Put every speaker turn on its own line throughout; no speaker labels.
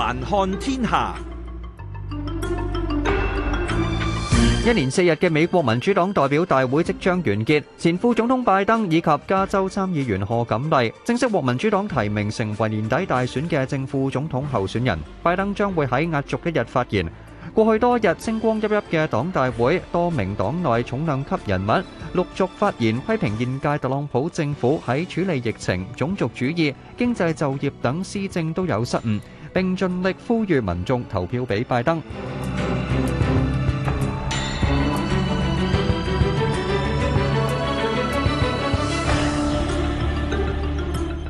環看天下，一年四日嘅美國民主黨代表大會即將完結。前副總統拜登以及加州參議員賀錦麗正式獲民主黨提名，成為年底大選嘅正副總統候選人。拜登將會喺壓軸一日發言。過去多日星光熠熠嘅黨大會，多名黨內重量級人物陸續發言，批評現屆特朗普政府喺處理疫情、種族主義、經濟就業等施政都有失誤。並盡力呼籲民眾投票俾拜登。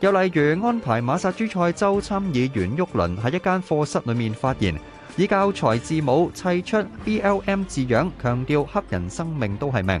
又例如安排馬薩諸塞州參議員沃倫喺一間課室裏面發言，以教材字母砌出 BLM 字樣，強調黑人生命都係命。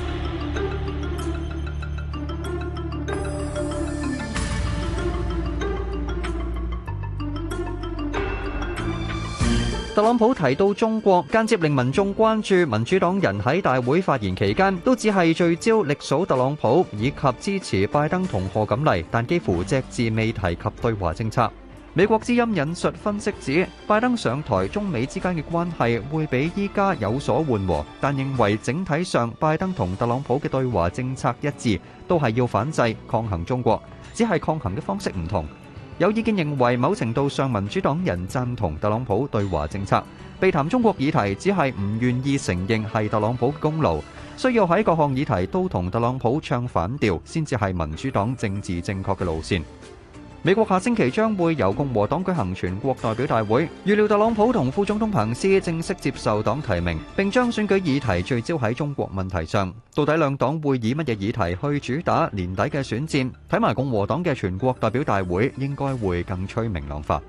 特朗普提到中國，間接令民眾關注民主黨人喺大會發言期間都只係聚焦歷數特朗普以及支持拜登同賀錦麗，但幾乎隻字未提及對華政策。美國之音引述分析指，拜登上台中美之間嘅關係會比依家有所緩和，但認為整體上拜登同特朗普嘅對華政策一致，都係要反制抗衡中國，只係抗衡嘅方式唔同。有意見認為，某程度上民主黨人贊同特朗普對華政策，避談中國議題，只係唔願意承認係特朗普嘅功勞，需要喺各項議題都同特朗普唱反調，先至係民主黨政治正確嘅路線。美國下星期將會由共和黨舉行全國代表大會，預料特朗普同副總統彭斯正式接受黨提名，並將選舉議題聚焦喺中國問題上。到底兩黨會以乜嘢議題去主打年底嘅選戰？睇埋共和黨嘅全國代表大會，應該會更趨明朗化。